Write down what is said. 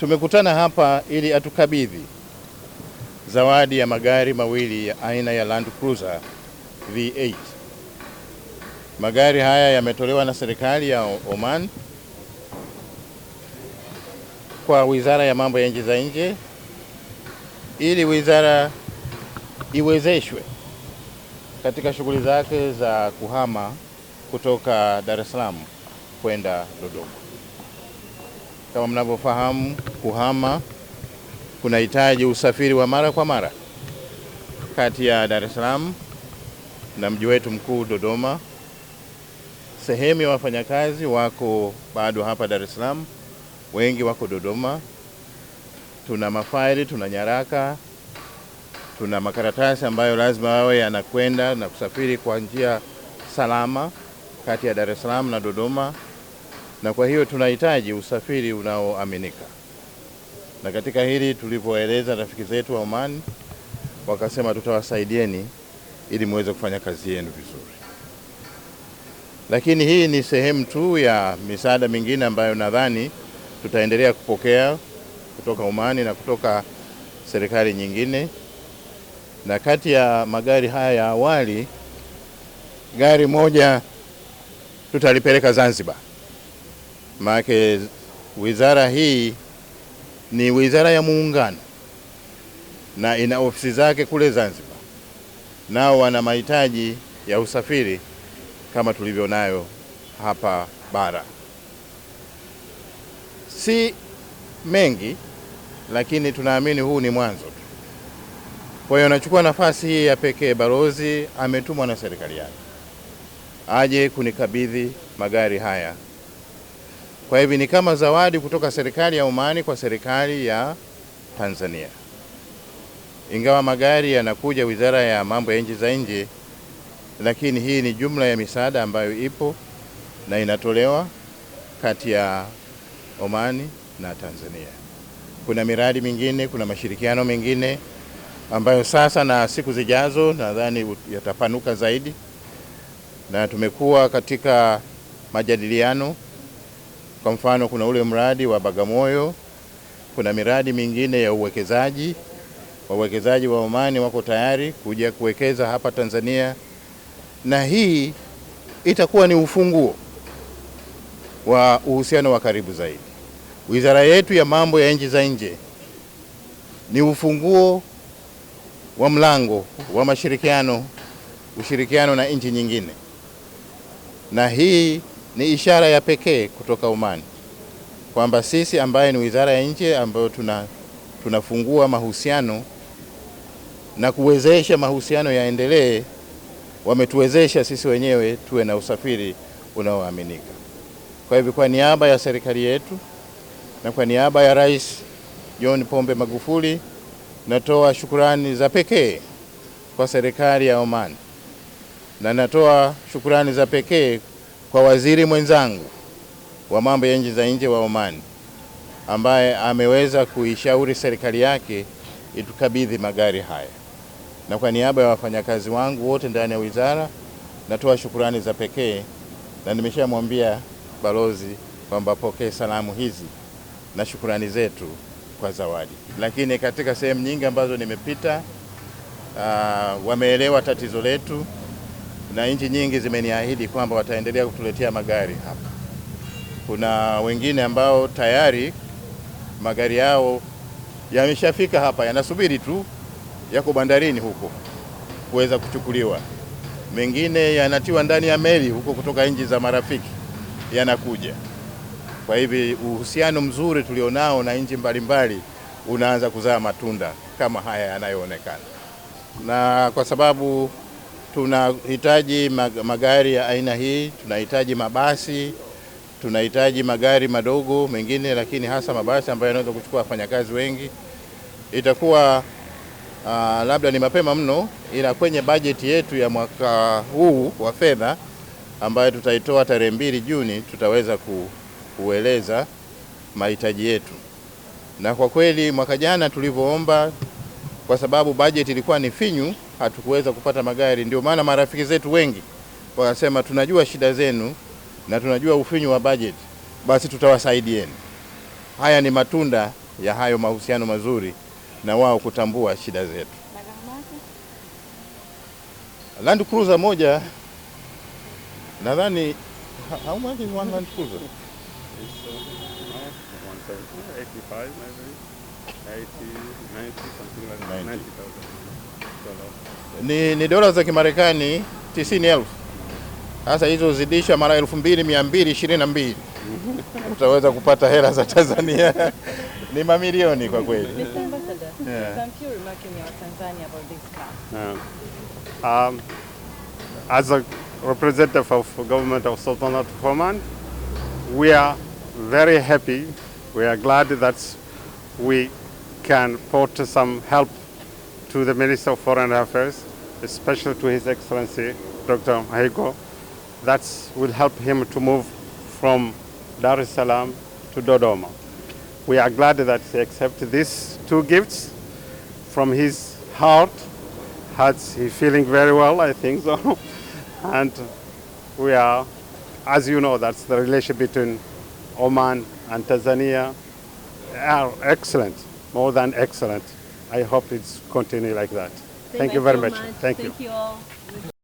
Tumekutana hapa ili atukabidhi zawadi ya magari mawili ya aina ya Land Cruiser V8. Magari haya yametolewa na serikali ya Oman kwa Wizara ya Mambo ya Nchi za Nje ili wizara iwezeshwe katika shughuli zake za kuhama kutoka Dar es Salaam kwenda Dodoma. Kama mnavyofahamu, kuhama kunahitaji usafiri wa mara kwa mara kati ya Dar es Salaam na mji wetu mkuu Dodoma. Sehemu ya wafanyakazi wako bado hapa Dar es Salaam, wengi wako Dodoma. Tuna mafaili, tuna nyaraka, tuna makaratasi ambayo lazima yawe yanakwenda na kusafiri kwa njia salama kati ya Dar es Salaam na Dodoma na kwa hiyo tunahitaji usafiri unaoaminika, na katika hili tulivyoeleza rafiki zetu wa Oman wakasema tutawasaidieni ili muweze kufanya kazi yenu vizuri. Lakini hii ni sehemu tu ya misaada mingine ambayo nadhani tutaendelea kupokea kutoka umani na kutoka serikali nyingine. Na kati ya magari haya ya awali, gari moja tutalipeleka Zanzibar maanake wizara hii ni wizara ya muungano na ina ofisi zake kule Zanzibar, nao wana mahitaji ya usafiri kama tulivyonayo hapa bara. Si mengi, lakini tunaamini huu ni mwanzo tu. Kwa hiyo anachukua nafasi hii ya pekee, balozi ametumwa na serikali yake aje kunikabidhi magari haya. Kwa hivyo ni kama zawadi kutoka serikali ya Omani kwa serikali ya Tanzania. Ingawa magari yanakuja Wizara ya Mambo ya Nchi za Nje, lakini hii ni jumla ya misaada ambayo ipo na inatolewa kati ya Omani na Tanzania. Kuna miradi mingine, kuna mashirikiano mengine ambayo sasa na siku zijazo nadhani yatapanuka zaidi, na tumekuwa katika majadiliano kwa mfano kuna ule mradi wa Bagamoyo, kuna miradi mingine ya uwekezaji. Wawekezaji wa Omani wako tayari kuja kuwekeza hapa Tanzania, na hii itakuwa ni ufunguo wa uhusiano wa karibu zaidi. Wizara yetu ya mambo ya nchi za nje ni ufunguo wa mlango wa mashirikiano, ushirikiano na nchi nyingine, na hii ni ishara ya pekee kutoka Oman kwamba sisi ambaye ni wizara ya nje ambayo tuna, tunafungua mahusiano na kuwezesha mahusiano yaendelee, wametuwezesha sisi wenyewe tuwe na usafiri unaoaminika. Kwa hivyo, kwa niaba ya serikali yetu na kwa niaba ya Rais John Pombe Magufuli natoa shukurani za pekee kwa serikali ya Oman na natoa shukurani za pekee kwa waziri mwenzangu wa mambo ya nje za nje wa Oman ambaye ameweza kuishauri serikali yake itukabidhi magari haya, na kwa niaba ya wafanyakazi wangu wote ndani ya wizara natoa shukurani za pekee, na nimeshamwambia balozi kwamba pokee salamu hizi na shukurani zetu kwa zawadi. Lakini katika sehemu nyingi ambazo nimepita, uh, wameelewa tatizo letu na nchi nyingi zimeniahidi kwamba wataendelea kutuletea magari hapa. Kuna wengine ambao tayari magari yao yameshafika hapa, yanasubiri tu, yako bandarini huko kuweza kuchukuliwa. Mengine yanatiwa ndani ya meli huko kutoka nchi za marafiki yanakuja. Kwa hivi uhusiano mzuri tulionao na nchi mbalimbali unaanza kuzaa matunda kama haya yanayoonekana, na kwa sababu tunahitaji magari ya aina hii, tunahitaji mabasi, tunahitaji magari madogo mengine, lakini hasa mabasi ambayo yanaweza kuchukua wafanyakazi wengi. Itakuwa uh, labda ni mapema mno, ila kwenye bajeti yetu ya mwaka huu wa fedha ambayo tutaitoa tarehe mbili Juni tutaweza ku, kueleza mahitaji yetu. Na kwa kweli mwaka jana tulivyoomba, kwa sababu bajeti ilikuwa ni finyu hatukuweza kupata magari. Ndio maana marafiki zetu wengi wakasema, tunajua shida zenu na tunajua ufinyu wa bajeti, basi tutawasaidieni. Haya ni matunda ya hayo mahusiano mazuri na wao kutambua shida zetu. Land Cruiser moja nadhani, how much is one Land Cruiser? ni, ni dola za Kimarekani 90,000. Sasa hizo zidisha mara 2222 mhm. utaweza kupata hela za Tanzania ni mamilioni kwa kweli. Um, as a representative of government of Sultanate of Oman, we are very happy. We are glad that we can put some help to the Minister of Foreign Affairs, especially to His Excellency Dr. Mahigo. That will help him to move from Dar es Salaam to Dodoma. We are glad that he accepted these two gifts from his heart. He's feeling very well, I think so. and we are, as you know, that's the relationship between Oman and Tanzania are excellent, more than excellent. I hope it's continue like that. Thank, Thank you very so much. much. Thank, Thank you. you all.